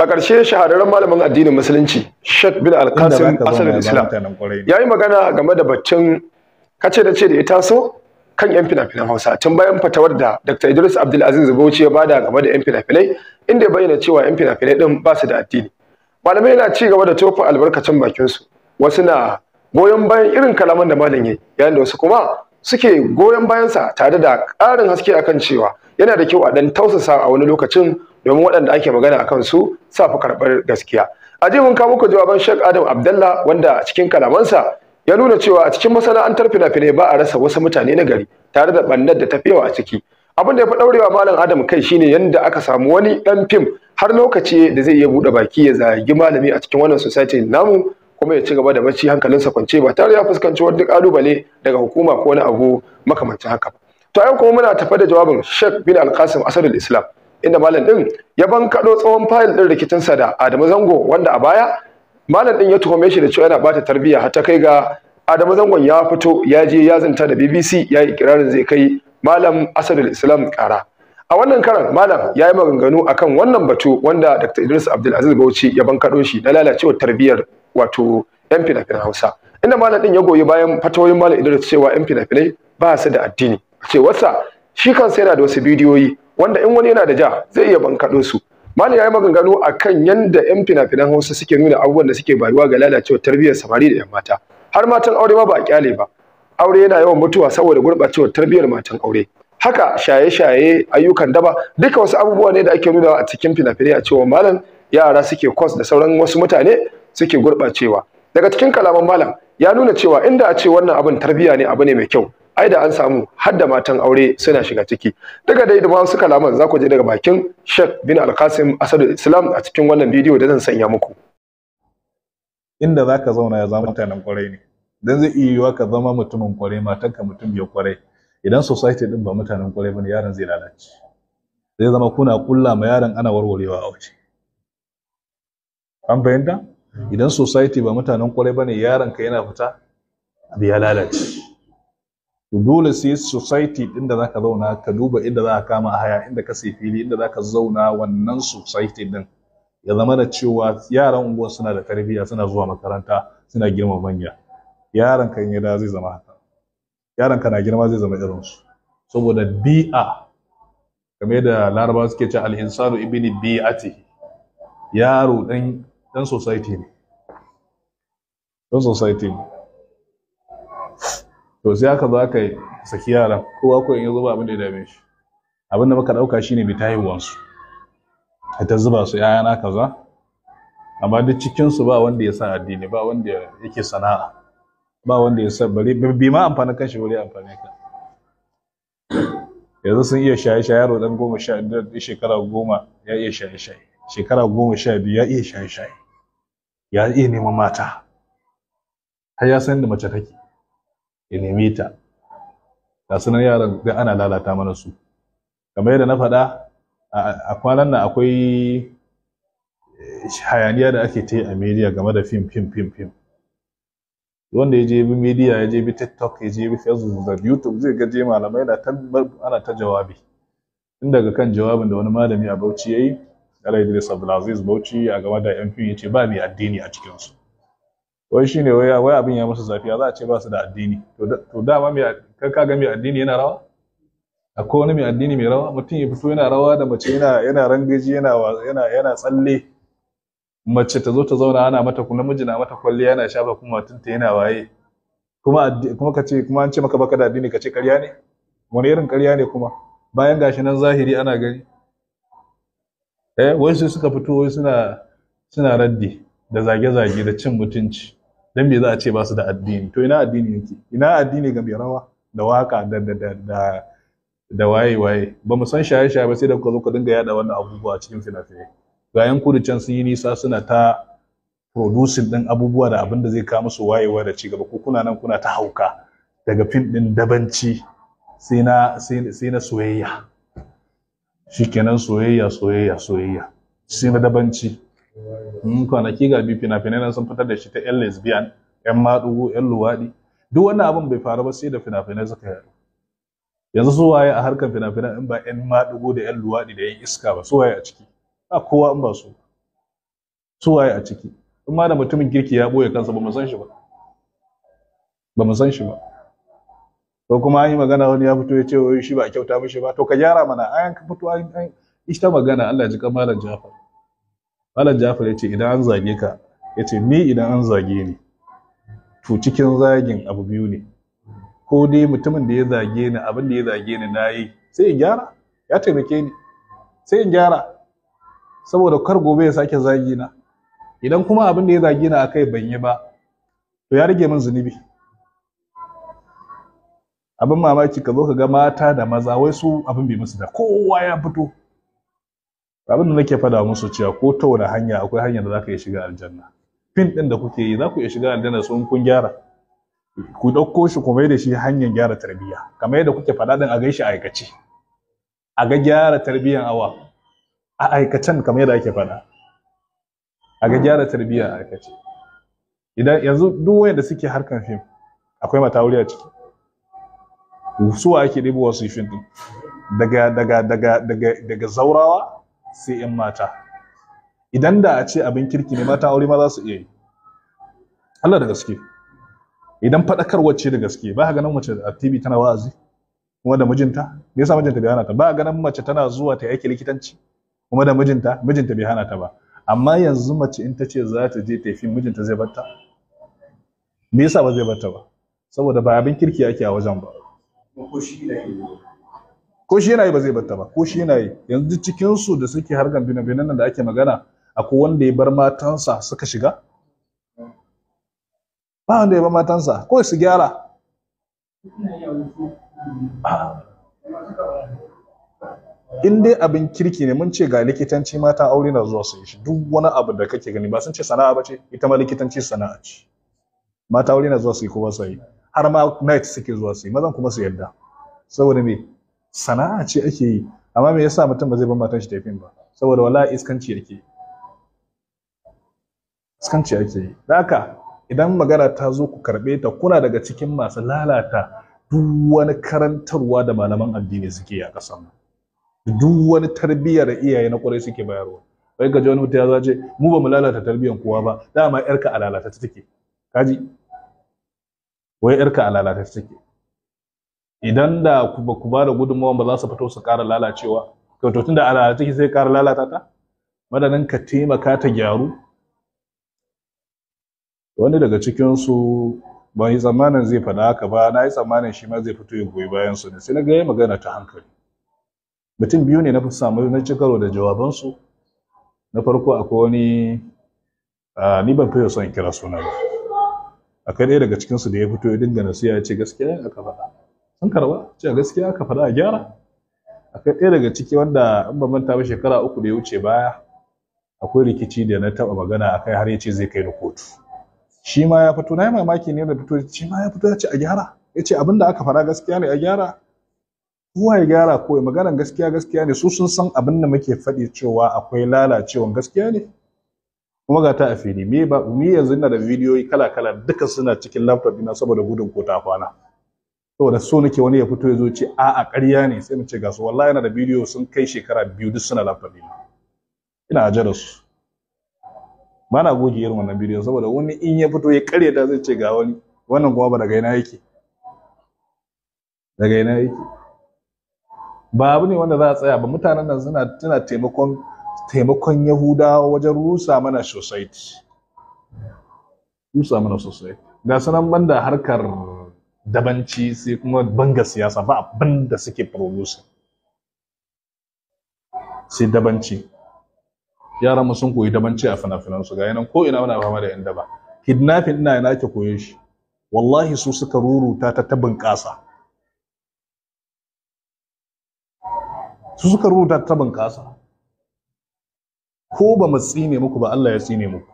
a ƙarshe shahararren malamin addinin musulunci Sheikh bin al asalin islam ya yi magana game da baccin kace da ce da ya taso kan yan fina-finan Hausa tun bayan fatawar da Dr. Idris Abdulaziz Bauchi ya bada game da yan fina-finai inda ya bayyana cewa yan fina-finai din ba su da addini malamai na ci gaba da tofa albarkacin bakin su wasu na goyon bayan irin kalaman da malam ya yayin da wasu kuma suke goyon bayansa tare da ƙarin haske akan cewa yana da kyau a dan tausasa a wani lokacin domin waɗanda ake magana a kansu sa fi karɓar gaskiya a ji mun kawo jawaban Sheikh Adam Abdallah wanda cikin kalamansa ya nuna cewa a cikin masana'antar fina-finai ba a rasa wasu mutane na gari tare da ɓannar da tafi yawa a ciki abin da ya fi ɗaurewa malam Adam kai shine yadda aka samu wani ɗan fim har lokaci da zai iya buɗe baki ya zagi malami a cikin wannan society namu kuma ya ci gaba da bacci hankalinsa kwance ba tare ya fuskanci wani ƙalubale daga hukuma ko wani abu makamancin haka To a yau kuma muna tafa da jawabin Sheikh bin Al-Qasim Asadul Islam inda malam din ya bankado tsohon fayil din rikicin sa da Adamu Zango wanda a baya malam din ya tuhume shi da cewa yana bata tarbiyya har ta kai ga Adamu Zangon ya fito ya je ya zanta da BBC ya yi ikirarin zai kai malam Asadul Islam kara a wannan karan malam ya yi maganganu akan wannan batu wanda Dr. Idris Abdul Aziz Bauchi ya bankado shi da lalacewar tarbiyyar wato yan fina-finan Hausa inda malam din ya goyi bayan fatoyin malam Idris cewa yan fina-finai ba su da addini cewarsa shi kansa yana da wasu bidiyoyi wanda in wani yana da ja zai iya bankaɗo su malam ya yi maganganu a kan yadda 'yan fina-finan hausa suke nuna abubuwan da suke bayuwa ga lalacewa tarbiyyar samari da 'yan mata har matan aure ma ba a kyale ba aure yana yawan mutuwa saboda gurɓacewar tarbiyyar matan aure haka shaye-shaye ayyukan daba duka wasu abubuwa ne da ake nuna a cikin fina-finai a cewa malam yara suke kwas da sauran wasu mutane suke gurɓacewa daga cikin kalaman malam ya nuna cewa inda a ce wannan abin tarbiya ne abu ne mai kyau ai da an samu har da matan aure suna shiga ciki daga dai da wasu kalaman za ku je daga bakin Sheikh bin Al-Qasim Asadu Islam a cikin wannan bidiyo da zan sanya muku inda zaka zauna ya zama mutanen kwarai ne dan zai iya yiwa ka zama mutumin kwarai ka mutum bai kwarai idan society din ba mutanen kwarai bane yaron zai lalace zai zama kuna kulla ma yaron ana warwarewa a waje an fahimta idan society ba mutanen kwarai ba ne, ka yana fita abu ya lalace dole sai society din da zaka zauna ka duba inda za ka kama haya inda ka sai fili inda za ka zauna wannan society din ya zama da cewa yaran unguwa suna da tarbiyya suna zuwa makaranta suna girma manya yaran zai zama haka na girma zai zama irin su saboda bi'a kamar da larabawa suke cewa al-insanu ibni bi'ati yaro dan Ɗan society ne ɗan society ne to sai haka za ka saki yara kowa ko in ya zuba abin da ya dame shi abin da muka ɗauka shine bi haihuwansu a ta zuba su aka kaza amma duk cikinsu ba wanda ya sa addini ba wanda yake sana'a ba wanda ya sa bari bi ma amfani kan shi bari amfani ka yanzu sun iya shaye shaye yaro dan goma sha shekara goma ya iya shaye shaye shekara goma sha biyu ya iya shaye shaye ya iya neman mata har ya san da mace take ya neme ta ga sunan yaran da ana lalata mana su kamar yadda na faɗa a kwanan nan akwai eh, hayaniya da ake ta yi a media game da fim fim fim fim wanda ya je bi media ya je bi tiktok ya je bi facebook da youtube zai ga je malamai na ana ta jawabi inda daga kan jawabin da wani malami a bauchi ya yi Allah Idris Aziz Bauchi a gaba da yan ya ce ba mai addini a cikin su wai shine wai wai abin ya musu zafiya za a ce ba su da addini to dama mai ka ga mai addini yana rawa akwai wani mai addini mai rawa mutum ya fito yana rawa da mace yana yana rangaji yana yana yana tsalle mace ta zo ta zauna ana mata kuma namiji na mata kwalliya yana shafa kuma tunta yana waye kuma kuma kace kuma an ce maka baka da addini kace ƙarya ne wani irin ƙarya ne kuma bayan gashi nan zahiri ana gani eh wasu suka fito suna suna raddi da zage-zage da cin mutunci dan me za a ce ba su da addini to ina addini yake ina addini ga mai rawa da waka da da da da waye waye ba mu san shaye-shaye ba sai da kuka zo ku dinga yada wannan abubuwa cikin fina-finai ga yan kudu can sun yi nisa suna ta producing din abubuwa da abin da zai kawo musu wayewa da cigaba ko kuna nan kuna ta hauka daga fim din dabanci sai na sai na soyayya shikenan soyayya soyayya soyayya sai na dabanci in kwanaki ga bi fina-finai nan sun fitar da shi ta yan lesbian yan maɗugo yan luwaɗi duk wannan abin bai faru ba sai da fina-finai suka yaɗu yanzu su waye a harkar fina-finan in ba yan maɗugo da yan luwaɗi da yan iska ba su waye a ciki a kowa in ba su su waye a ciki in ma da mutumin kirki ya boye kansa ba mu san shi ba ba mu san shi ba ko kuma an yi magana wani ya fito ya ce wai shi ba kyauta mishi ba to ka gyara mana an ka fito an ita magana Allah ji kan malam Jafar malam Jafar ya ce idan an zage ka ya ce ni idan an zage ni to cikin zagin abu biyu ne ko dai mutumin da ya zage ni abin da ya zage ni na yi sai in gyara ya taimake ni sai in gyara saboda kar gobe ya sake zagi na idan kuma abin da ya zage ni akai ban yi ba to ya rage min zunubi abin mamaki ka zo ka ga mata da maza wai su abin bai musu da kowa ya fito abin da nake fada musu cewa ko ta wani hanya akwai hanyar da za ka iya shiga aljanna fin din da kuke yi za ku iya shiga aljanna su in kun gyara ku ɗauko shi ku mai da shi hanyar gyara tarbiyya kamar yadda kuke faɗa din a gaishe aikace a ga gyara tarbiyyar awa a aikacen kamar yadda ake faɗa a ga gyara tarbiyyar aikace idan yanzu duk wanda suke harkan fim akwai mata wuri a ciki suwa ake ɗibo wasu fim ɗin daga daga daga daga daga zaurawa sai yan mata idan da a ce abin kirki ne mata aure ma za su iya yi Allah da gaske idan faɗakar ce da gaske ba ka ganin mace a TV tana wa'azi kuma da mijinta me yasa mijinta bai hana ta ba ka ganin mace tana zuwa ta yake likitanci kuma da mijinta mijinta bai hana ta ba amma yanzu mace in ta ce za ta je ta fi mijinta zai batta me yasa ba zai batta ba saboda ba abin kirki ake a wajen ba ko shi yana yi ba zai batta ba ko shi yana yi yanzu cikin su da suke har bina-binan nan da ake magana akwai wanda ya bar matansa suka shiga ba wanda ya bar matansa ko su gyara in dai abin kirki ne mun ce ga likitanci mata aure na zuwa su yi shi duk wani abu da kake gani ba sun ce sana'a ba ce ita ma likitanci sana'a ce mata aure na zuwa su yi ko ba su yi har ma night suke zuwa su yi mazan kuma su yadda saboda me sana'a ce ake yi amma me yasa mutum ba zai bar matan shi ta fim ba saboda wala iskanci yake yi iskanci yake yi da haka idan magana ta zo ku karɓe ta kuna daga cikin masu lalata duk wani karantarwa da malaman addini suke yi a ƙasar duk wani tarbiyya da iyaye na kwarai suke bayarwa wai ga wani mutum ya zo ce mu ba mu lalata tarbiyyar kowa ba dama yarka a lalata take kaji wai yarka a lalace take idan da ba ku ba da gudunmawa ba za su fito su ƙara lalacewa to to tunda a lalace take sai ƙara lalata ta madanin ka taimaka ta gyaru wani daga cikin su ban yi tsammanin zai faɗa haka ba na yi tsammanin shi ma zai fito ya goyi bayan su ne sai na ga ya magana ta hankali mutum biyu ne na fi samu na ci karo da jawabansu na farko akwai wani ah, ni ban fiye son kira suna ba akwai ɗaya daga cikinsu da ya fito ya dinga siya ya ce gaskiya aka faɗa sun karba ce gaskiya aka faɗa a gyara akwai ɗaya daga ciki wanda in ba manta ba shekara uku da ya wuce baya akwai rikici da na taɓa magana a kai har ya ce zai kai ni kotu shi ma ya fito na yi mamaki ne da fito shi ma ya fito ya ce a gyara ya ce abin da aka faɗa gaskiya ne a gyara kowa ya gyara ko maganan gaskiya gaskiya ne su sun san abin da muke faɗi cewa akwai lalacewan gaskiya ne kuma ga ta a fili me ba me yanzu ina da bidiyoyi kala kala duka suna cikin laptop ina saboda gudun ko ta kwana saboda so nake wani ya fito ya zo ce a a ƙarya ne sai mu ce ga su wallahi yana da bidiyo sun kai shekara biyu duk suna laptop ina ina aje da su ba na goge irin wannan bidiyo saboda wani in ya fito ya ƙarya da zai ce ga wani wannan kuma ba daga ina yake daga ina yake ba abu ne wanda za a tsaya ba mutanen nan suna taimakon taimakon yahudawa wajen rusa mana society rusa mana society ga sanan banda harkar dabanci sai kuma banga siyasa ba abin da suke producing sai dabanci yaran mu sun koyi dabanci a fina-finan su ga yanan ko ina muna fama da yan daba kidnapping ina yana ke koyon shi wallahi su suka ruruta ta ta bunƙasa su suka ruruta ta bunƙasa ko ba mu tsine muku ba Allah ya tsine muku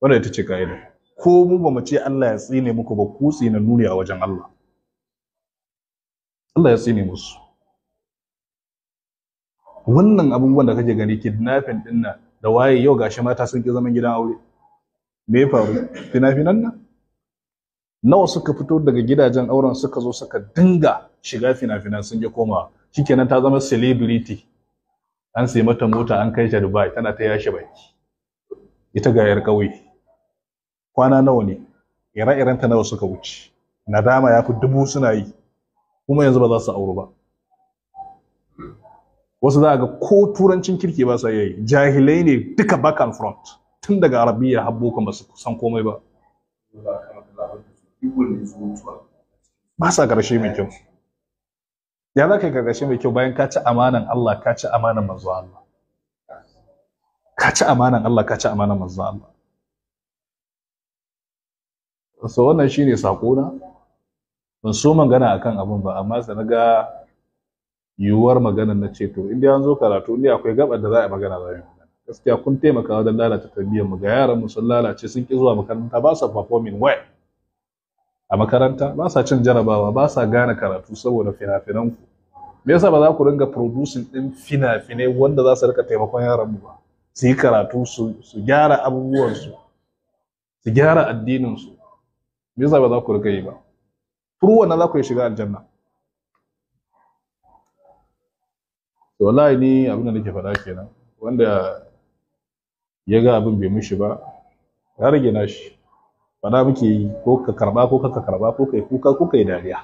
wannan ita ce ka'ida ko mu ba mu ce Allah ya tsine muku ba ku tsine nuni a wajen Allah Allah ya tsine musu wannan abubuwan da kake gani kidnapping din nan da waye yau gashi mata sun ki zaman gidan aure me ya faru fina-finan nan nawa suka fito daga gidajen auren suka zo suka dinga shiga fina-finan sun je komawa shikenan ta zama celebrity an sai mata mota an kai ta Dubai tana ta yashi baki ita ga yar ƙauye kwana nawa ne ire-iren ta nawa suka wuce nadama ya fi dubu suna yi kuma yanzu ba za su auru ba wasu za a ga ko turancin kirki ba sa yayi jahilai ne duka back and front tun daga arabiya har boko ba su san komai ba ba sa ƙarshe mai kyau ya za ka gagashe mai kyau bayan ka ci amanan Allah ka ci amanan manzo Allah ka ci amanan Allah ka ci amanan manzo Allah so wannan shine sako na ban so magana akan abin ba amma sai ga yiwuwar magana na ce to inda an karatu ne akwai gabar da za a magana za a gaskiya kun taimaka wajen lalata tarbiyyar mu ga yaran mu sun lalace sun ki zuwa makaranta ba su performing well a makaranta ba sa cin jarabawa ba sa gane karatu saboda fina-finan ku me yasa ba za ku ringa producing din fina-finai wanda za su rika taimakon yaran mu ba su yi karatu su su gyara abubuwan su su gyara addinin su me yasa ba za ku rika yi ba furu wannan za ku shiga aljanna wallahi ni abin da nake faɗa kenan wanda ya ga abin bai mishi ba ya rage nashi fada muke yi ko ka karba ko ka karba ko kai kuka ko kai dariya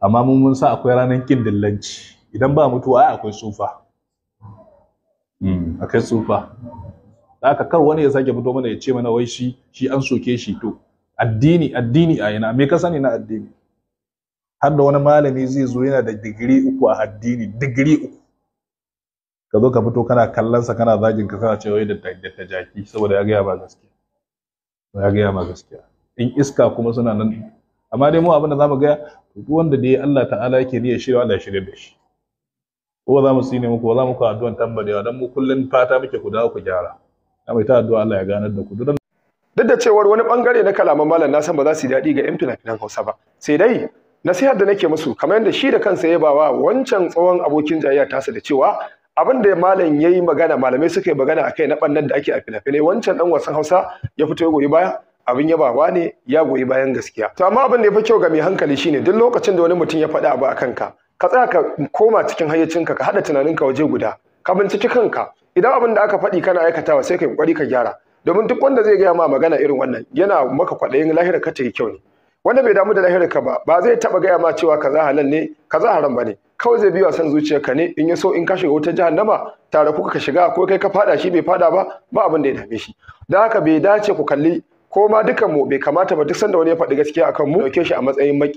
amma mun mun sa akwai ranar kin dillanci idan ba mutuwa ai akwai sufa hmm, akwai sufa ka kar wani ya sake fito mana ya ce mana wai shi shi an soke shi to addini addini a ina me ka sani na addini har da wani malami zai zo yana da digiri uku a addini digiri uku ka zo ka fito kana kallon sa kana zagin ka kana cewa da da jaki saboda ya ga ba gaskiya ya gaya ma gaskiya in iska kuma suna nan amma dai mu abin da zamu ga duk wanda dai Allah ta'ala yake niyyar shi Allah shi da shi ko za mu ne muku za mu ku addu'an tambarewa dan mu kullun fata muke ku dawo ku gyara na mai ta addu'a Allah ya ganar da ku duk da cewar wani bangare na kalaman malam na san ba za su yi daɗi ga yan fina Hausa ba sai dai nasihar da nake musu kamar yadda shi da kansa ya bawa wancan tsawon abokin jayya tasa da cewa abin da malam yayi magana malamai suka yi magana akai na bannan da ake a fina-finai wancan dan wasan Hausa ya fito ya goyi baya abin ya bawa ne ya goyi bayan gaskiya to amma abin da ya fi kyau ga mai hankali shine duk lokacin da wani mutum ya faɗi abu a kanka, ka tsaya ka koma cikin hayyacinka ka haɗa tunaninka waje guda ka binciki kanka idan abin da aka faɗi kana aikatawa sai ka yi kokari ka gyara domin duk wanda zai gaya ma magana irin wannan yana maka kwaɗayin lahira ka ta yi kyau ne wanda bai damu da ka ba ba zai taba gaya ma cewa kaza halal ne kaza haram bane kawai zai biya san ka ne in ya so in ka shiga wutar jahannama tare kuka ka shiga ko kai ka fada shi bai fada ba ba abin da ya dame shi da haka bai dace ku kalli ko ma dukan mu bai kamata ba duk sanda wani ya faɗi gaskiya akan mu dauke shi a matsayin maki